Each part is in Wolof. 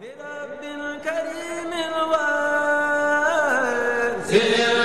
برب الكريم الواسع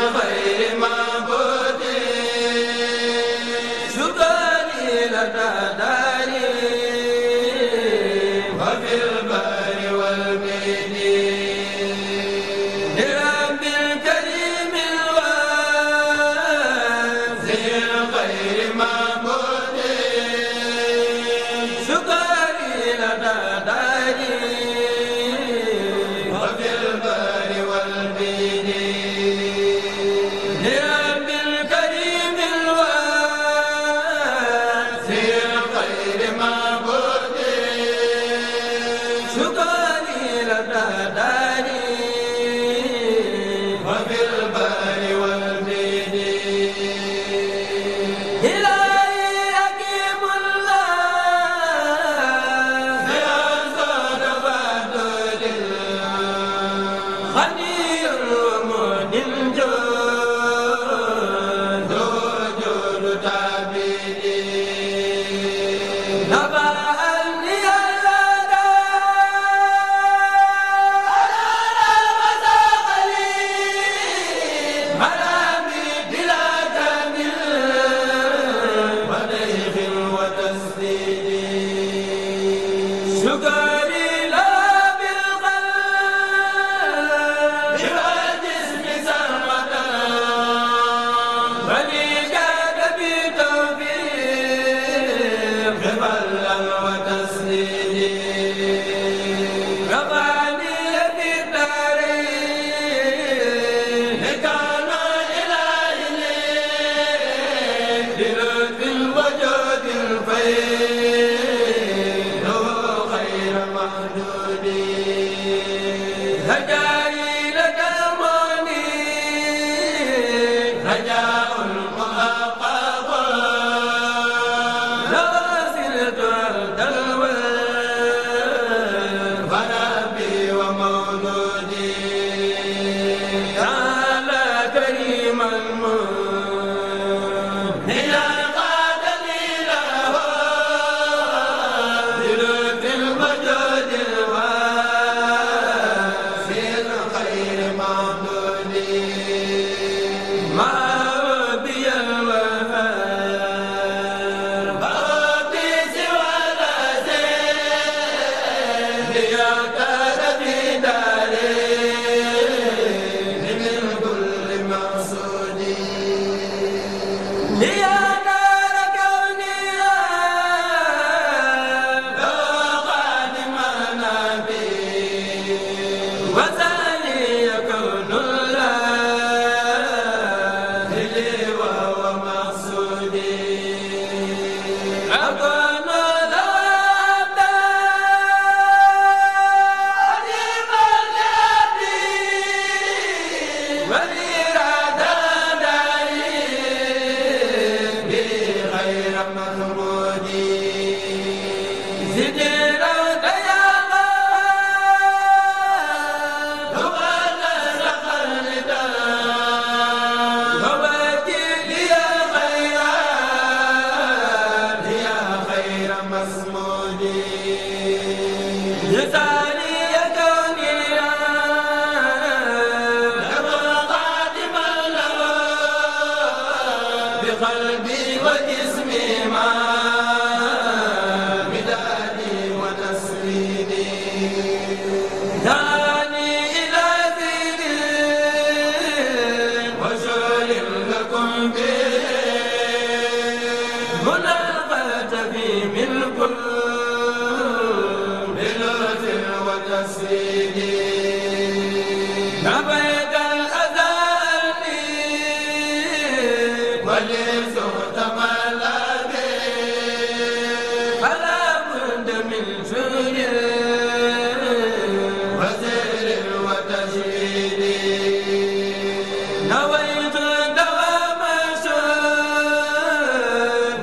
la كريم المنزل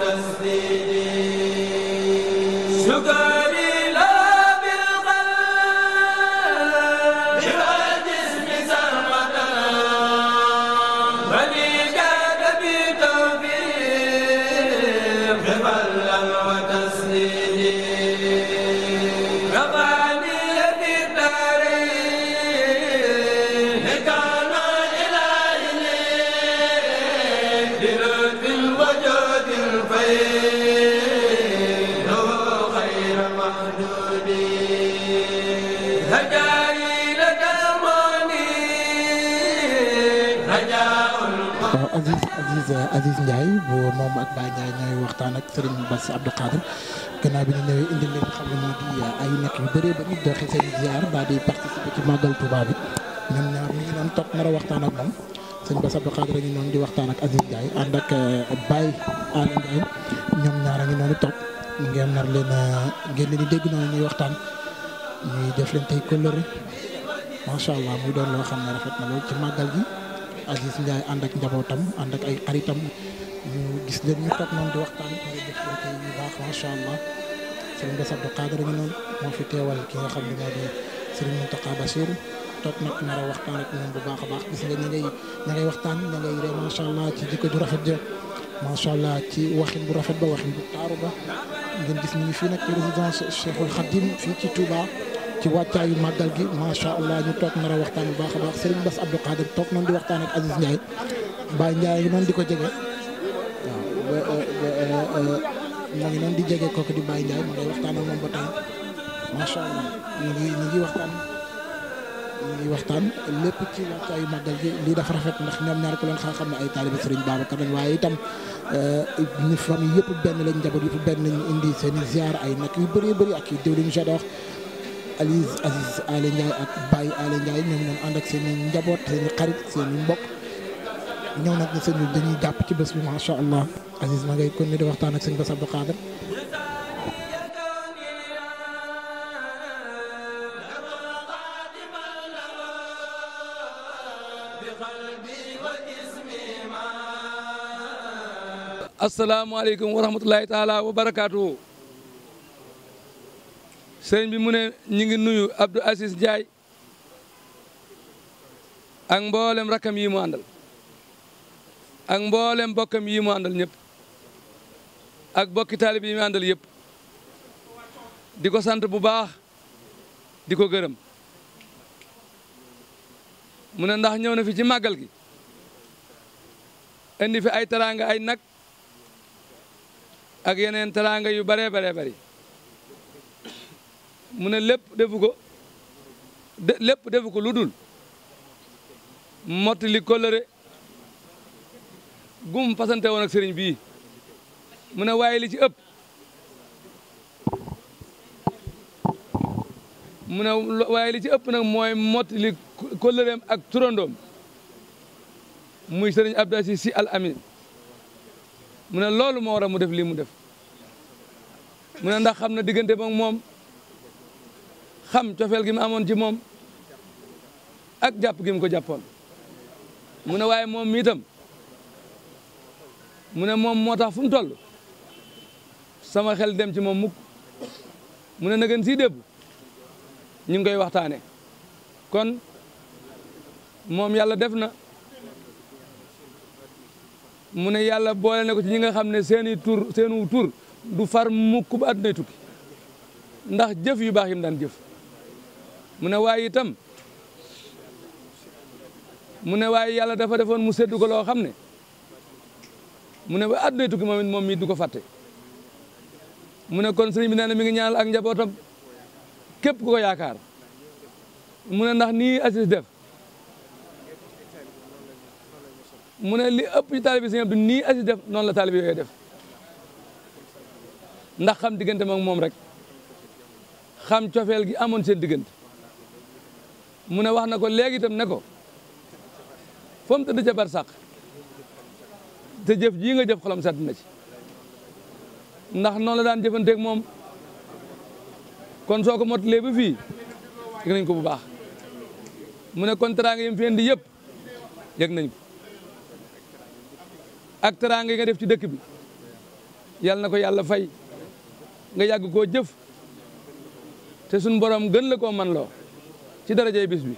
تسديدي waaw Aziz Aziz euh, Aziz Ndiaye bu moom ak Baye Ndiaye ñooy waxtaan ak Serigne Bass Abdou Khadre gannaaw bi ñu ñëwee indi leen xam ne moo di euh, ay nekk yu bëree ba nit doxee seen ziar ba di participer ci màggal Touba bi ñoom ñaar a waxtaan ak moom Serigne Bass Abdou Khadre di waxtaan ak Aziz Ndiaye ànd ak euh, ngi noonu toog ngeen nar leen ngeen leen dégg noonu ñuy waxtaan. ñuy jëflante kóllëre macha allah muy doon loo xam ne rafet na lool ci màggal gi Aziz Ndiaye ànd ak njabootam ànd ak ay xaritam ñu gis leen ñu toog noonu di waxtaan di jëflante yu baax macha allah sëriñ Bass Abdou Khadre ñu noonu moo fi teewal ki nga xam ne moo di sëriñ Mountakha Bassirou toog nag nar waxtaan ak ñoom bu baax a baax gis nga ña ngay ña ngay waxtaan ña ngay ree allah ci jikko ju rafet ja macha allah ci waxin bu rafet ba waxin bu taaru ba ngeen gis ñu ngi fii nag ci résidence ci wàccaayu màggal gi macha allah ñu toog nar waxtaan bu baax a baax Serigne Bass Abdou Khadir toog noonu di waxtaan ak Aziz Ndiaye Baye Ndiaye ngi noonu di ko jege waaw ngi noonu di jege kooku di Baye Ndiaye mu ngay waxtaan ak moom ñu ngi ñu ngi waxtaan lépp ci wàccaayu màggal gi lii dafa rafet ndax ñoom ñaar ko leen xam xam ne ay taalibe Serigne Babacar lañ waaye itam. Euh, ñu famille yëpp benn lañ njaboot yëpp benn lañ indi seen i ziar ay nag yi bëree bëri ak yu diwlin jadoox Aliou Aziz Aly Ndiaye ak Baye Aly Ndiaye ñoom ñoom ànd ak seen i njaboot seen i xarit seen i mbokk ñëw nag ne sëñ bi dañuy jàpp ci bés bi macha allah Aziz ma ngay kon ni di waxtaan ak sëñ Bass Abdou Khadre asalaamaaleykum wa rahmatulahi taala wa barakaatu. sëriñ bi mu ne ñu ngi nuyu Abdou Aziz Ndiaye ak mboolem rakam yi mu àndal ak mboolem bokkam yi mu àndal ñëpp ak bokki taalib yi mu àndal yëpp di ko sant bu baax di ko gërëm mu ne ndax ñëw na fi ci màggal gi indi fi ay taraanga ay nag ak yeneen taraanga yu baree bari mu ne lépp defu ko lépp defu ko lu dul mottali kóllëre gum fasante woon ak sëriñ bii mu ne waaye li ci ëpp mu ne waaye li ci ëpp nag mooy mottali kóllëreem ak turandoom muy sëriñ Abdou Aziz Sy Al Amine mu ne loolu moo wara mu def lii mu def mu ne ndax xam na diggante moom xam cofeel gi mu amoon ci moom ak jàpp gi mu ko jàppoon mu ne waaye moom miitam mu ne moom moo tax fu mu toll sama xel dem ci moom mukk mu ne na gën si débb ñu ngi koy waxtaane kon moom yàlla def na mu ne yàlla boole na ko ci ñi nga xam ne seeni tur seenu tur du far mukk ba àddunay tukki ndax jëf yu baax yi mu daan jëf mu ne waaye itam mu ne waaye yàlla dafa defoon mu seddu ko loo xam ne mu ne ba àdduna tukki moom it moom mii du ko fàtte mu ne kon sëriñ bi nee na mi ngi ñaanal ak njabootam képp ko yaakaar mu ne ndax nii Aziz def mu ne li ëpp ci taalibi sëriñ nii Aziz def noonu la taalibi yooyu def ndax xam diggante moom moom rek xam cofeel gi amoon seen diggante mu ne wax na ko léegi tam ne ko fa mu tëdd ca barsàq te jëf jii nga jëf xolam sedd na ci ndax noonu la daan jëfanteeg moom kon soo ko motalee ba fii yëg nañ ko bu baax mu ne kon teraanga yi mu fi indi yëpp yëg nañ ko ak teraanga yi nga def ci dëkk bi yàlla na ko yàlla fay nga yàgg koo jëf te sunu borom gën la koo man loo ci darajey bis bi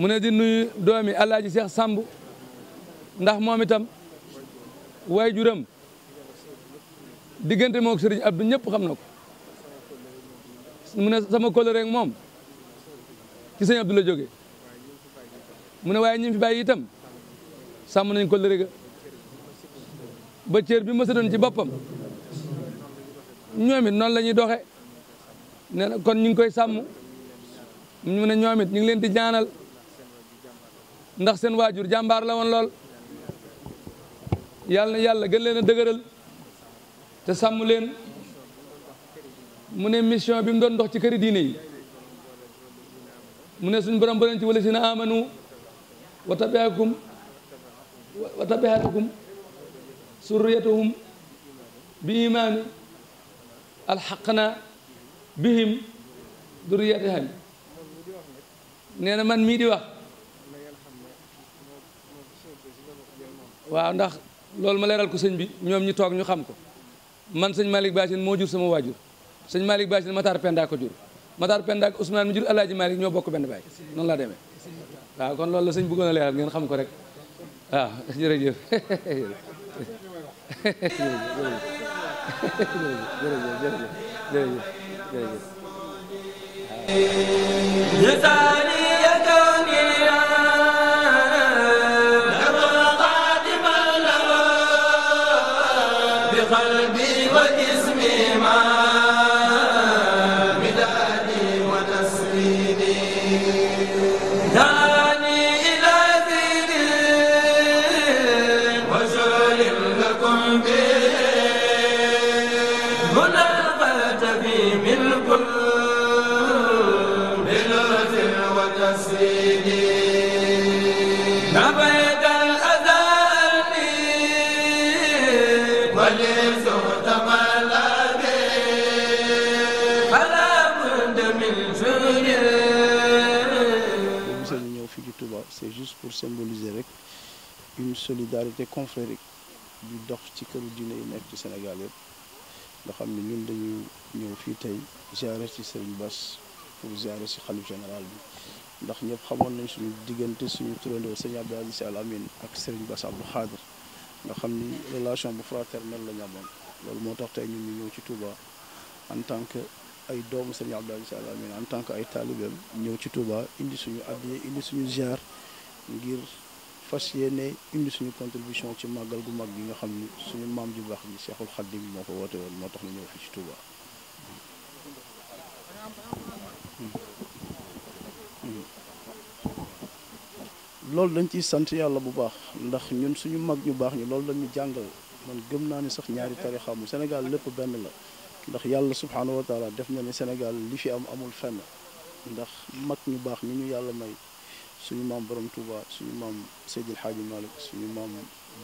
mu ne di nuyu doomi alaaji Seex Samb ndax moom itam waay juram diggante mook Sëriñ Abdu ñëpp xam na ko mu ne sama kóllëre moom ci sëñ Abdu la jóge mu ne waaye ñi fi bàyyi itam sàmm nañ kóllëre ga ba cër bi ma ci boppam ñoom it noonu la nee na kon ñu ngi koy sàmm ñu ne ñoom ñu ngi leen di jaanal ndax seen waajur jàmbaar la woon lool yàlla yàlla gën leen a dëgëral te sàmm leen mu ne mission bi mu doon ndox ci këri diine yi mu ne suñ borom borom ci wala si na amanu wa tabiakum wa tabiatukum surriyatuhum bi imaani alxaqna bihim duriyatihim nee na man mii di wax waaw ndax loolu ma leeral ko sëñ bi ñoom ñi toog ñu xam ko man sëñ Malick Bachine moo jur sama waajur sëñ Malick Bachine Matar Penda ko jur Matar Penda ak Ousmane mi jur Alaaji Malick ñoo bokk benn baay noonu laa demee waaw kon lool la sëñ bëggoon leeral ngeen xam ko rek waaw jërëjëf c'est juste pour symboliser rek une solidarité confrérique bi dox ci këru diine yi nekk ci Sénégal yëpp nga xam ni ñun dañu ñëw fii tey ziare ci Serigne Bass pour ziare ci xalif général bi ndax ñëpp xamoon nañ suñu diggante suñu turandoo sëñ Abdou Aziz Al Amine ak Serigne Bass Abdou Khadre nga xam ni relation bu fraternelle la amoon loolu moo tax tey ñun ñu ñëw ci Touba en tant que ay doomu Serigne Abdou Aziz Al Amine en tant que ay taalibeem ñëw ci Touba indi suñu addiya indi suñu ziar ngir. fas yéene indi suñu contribution ci màggal gu mag gi nga xam ni suñu maam ju baax ji Seexul Xaddim moo ko woote woon moo tax ñu ñëw fii ci Touba. Hmm. Hmm. dañ ciy sant yàlla bu baax ndax ñun suñu mag ñu baax ñi loolu lañu jàngal man gëm naa ni sax ñaari tarixa mu senegal lépp benn la ndax yàlla subhaanahu wa def na ni Sénégal li fi am amul fenn ndax mag ñu baax ñi ñu yàlla may suñu maam borom Touba suñu maam Seydil Hadji Malick suñu maam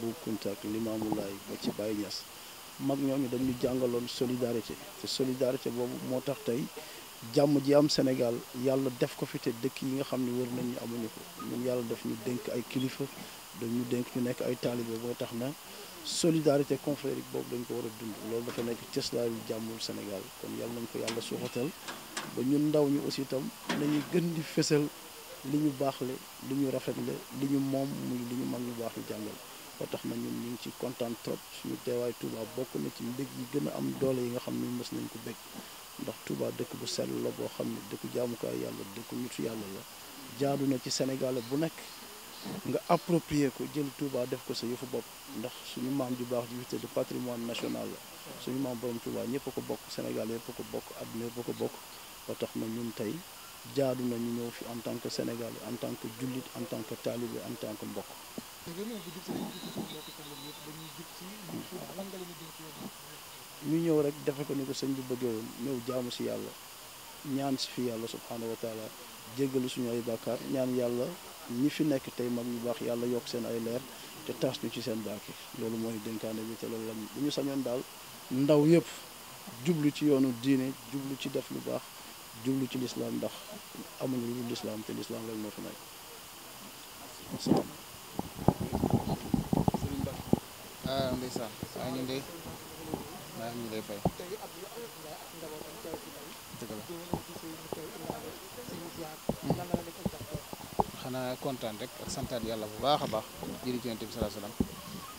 Bou Kounta ak Limaamu Laay ba ci Baye Niass mag ñooñu dañu jàngaloon solidarité te solidarité boobu moo tax tey jàmm ji am Sénégal yàlla def ko fi te dëkk yi nga xam ne wër nañ ñu amuñu ko ñun yàlla def ñu dénk ay kilifa dañu dénk ñu nekk ay taalibe boo tax na solidarité confrérique boobu dañ ko war a dund loolu dafa nekk cëslaayu jàmmul Sénégal kon yàlla nañ ko yàlla suuxatal ba ñun ndaw ñu aussi itam nañuy gën di fësal li ñu baax la li ñu rafet la li ñu moom muy li ñu mag ñu baax ñu jàngal ba tax na ñun ñu ngi ci kontaan trop suñu teewaay Touba bokk na ci ndég yi gën a am doole yi nga xam ne mës nañ ko bég ndax Touba dëkk bu sell la boo xam ne dëkku jaamukaay yàlla dëkku nitu yàlla la jaadu na ci Sénégal bu nekk nga approprier ko jël Touba def ko sa yëfu bopp ndax suñu maam ju baax ji visite de patrimoine national la suñu maam borom Touba ñëpp a ko bokk Sénégal yëpp a ko bokk àdduna yëpp ko bokk ba na ñun tey jaadu nañu ñu ñëw fi en tant que sénégal en tant que jullit en tant que taalibe en tant que mbokk. ñu ñëw rek defe ko ni ko sëñ bi bëgge woon ñëw jaamu si yàlla ñaan si fi yàlla subhaanahu wa jéggalu suñu ay bàkkaar ñaan yàlla ñi fi nekk tey mag ñu baax yàlla yokk seen ay leer te taas ñu ci seen baaki loolu mooy dénkaane bi te loolu la bu ñu sañoon daal ndaw yëpp jublu ci yoonu diine jublu ci def lu baax. jublu ci lislaam ndax amuñu lu dul lislaam te lislaam rek moo fi nekk asalaam ah ñun de maa ngi lay fay hmm. xanaa kontaan rek ak santaat yàlla bu baax a baax jëri ci bi salaa salaam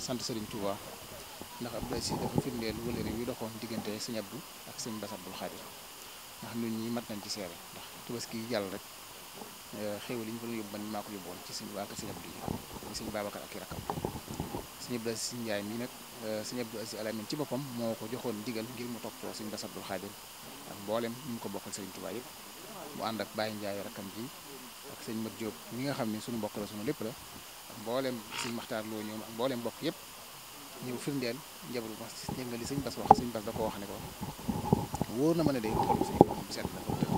sant Serigne Touba ndax Abdoulaye Sy dafa firndeel wëlëri wi doxoon diggante sëñ Abdou ak sëñ Bass Abdoul Khadir ndax ñun ñi mat nañ ci seere ndax tabaski yi jàll rek eh, xéwal yi ñu fa doon yóbbu man maa ko yóbboon ci suñu waa kër sëñ Abdou yi sëñ Babacar ak i rakkam sëñ Abdou Aziz Ndiaye nag eh, sëñ Abdou ci boppam moo ko joxoon ndigal ngir mu toppatoo sëñ Bass Abdou Khadim ak ñu mu ko bokkal sëriñ Touba yëpp mu ànd ak Baye Ndiaye rakkam ji ak sëñ Mat Diop mi nga xam ne suñu mbokk la suñu lépp la ak mboolem sëñ Maxtaar Lo ñoom ak mboolem mbokk yëpp ñëw firndeel njabar bu mas yëngali sëñ Bass wax sëñ Bass da ko wax ne ko wóor na ma ne day toolu sëñ bi moom seet na ko tënk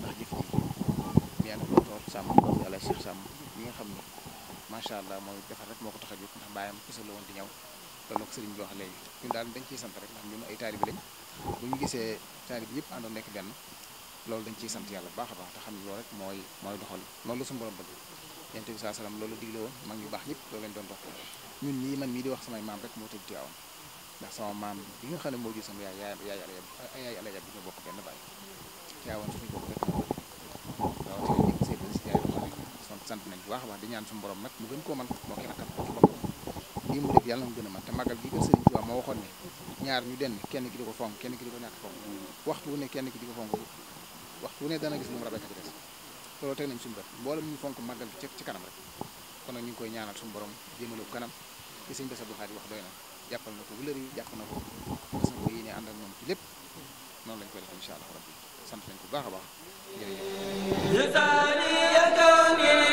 ndax jëf moom yaa ngi doktoor sàmm nga xam ne macha allah mooy defar rek moo ko a jóg ndax bàyyam kese la di ñëw loolu ko sëriñ bi wax léegi daal dañ ciy sant rek ndax ñun ay taalibi bu ñu gisee taalibi yëpp àndoon nekk benn loolu dañ ciy sant yàlla baax a baax te xam ne loolu rek mooy mooy doxal noonu la suñu borom bëgg yonent bi saa loolu digle woon mag ñu baax ñëpp loolu lañ doon dox ñun ñii man mii di wax samay maam rek moo tëj Tiwaawan ndax sama maam bi nga xam ne moo jur sama yaay yaay yaay àll yaay yaay àll yaay bi ñu bokk benn baay caawoon suñu nañ bu baax a baax di ñaan suñu borom nag mu koo man moo ki rakkam moo mu def yàlla a man te màggal gi gën Sëriñ moo waxoon ñaar ñu denn kenn ki ko fonk kenn ki di ko ñàkk fonk waxtu wu ne kenn ki di ko fonk ne dana gis lu mu rabee ka ci des loolu teg nañ suñu bët mboolem ñu fonk màggal gi ci kanam rek kon nag ñu ngi koy ñaanal suñu borom jëmale kanam ci sëñ Bass Abdou Khadre wax doy na jàppal na ko wulër yi jàpp na ko parce que yéene ànd ak ñoom ci lépp noonu lañ koy def incha allah rabbi sant nañ ko bu baax a baax jërëjëf